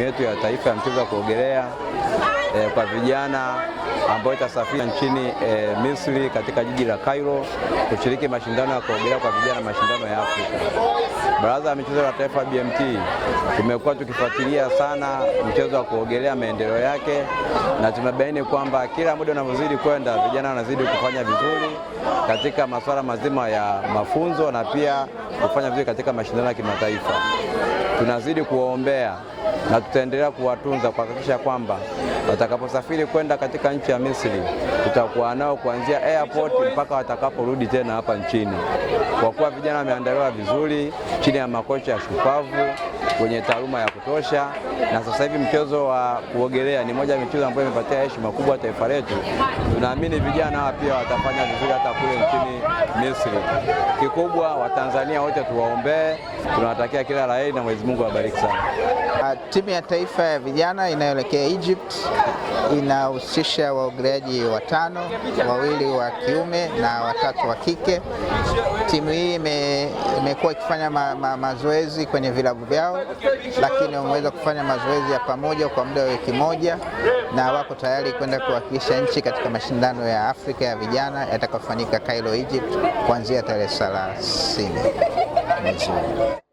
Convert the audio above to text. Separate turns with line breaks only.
timu yetu ya taifa ya mchezo wa kuogelea e, kwa vijana ambayo itasafiri nchini e, Misri katika jiji la Cairo kushiriki mashindano ya kuogelea kwa vijana, mashindano ya Afrika. Baraza la Michezo la Taifa BMT tumekuwa tukifuatilia sana mchezo wa kuogelea, maendeleo yake, na tumebaini kwamba kila muda unavyozidi kwenda, vijana wanazidi kufanya vizuri katika masuala mazima ya mafunzo na pia kufanya vizuri katika mashindano ya kimataifa. Tunazidi kuwaombea na tutaendelea kuwatunza kuhakikisha kwamba watakaposafiri kwenda katika nchi ya Misri tutakuwa nao kuanzia airport mpaka watakaporudi tena hapa nchini, kwa kuwa vijana wameandaliwa vizuri chini ya makocha shupavu kwenye taaluma ya kutosha, na sasa hivi mchezo wa kuogelea ni moja ya michezo ambayo imepatia heshima kubwa taifa letu. Tunaamini vijana hawa pia watafanya vizuri hata kule nchini Misri. Kikubwa Watanzania wote tuwaombee, tunawatakia kila la heri na Mwenyezi Mungu awabariki sana.
Timu ya taifa ya vijana inayoelekea Egypt inahusisha waogeleaji watano, wawili wa kiume na watatu wa kike. Timu hii imekuwa ikifanya ma, ma, mazoezi kwenye vilabu vyao, lakini wameweza kufanya mazoezi ya pamoja kwa muda wa wiki moja na wako tayari kwenda kuwakilisha nchi katika mashindano ya Afrika ya vijana yatakayofanyika Cairo, Egypt kuanzia tarehe 30 mwezi huu.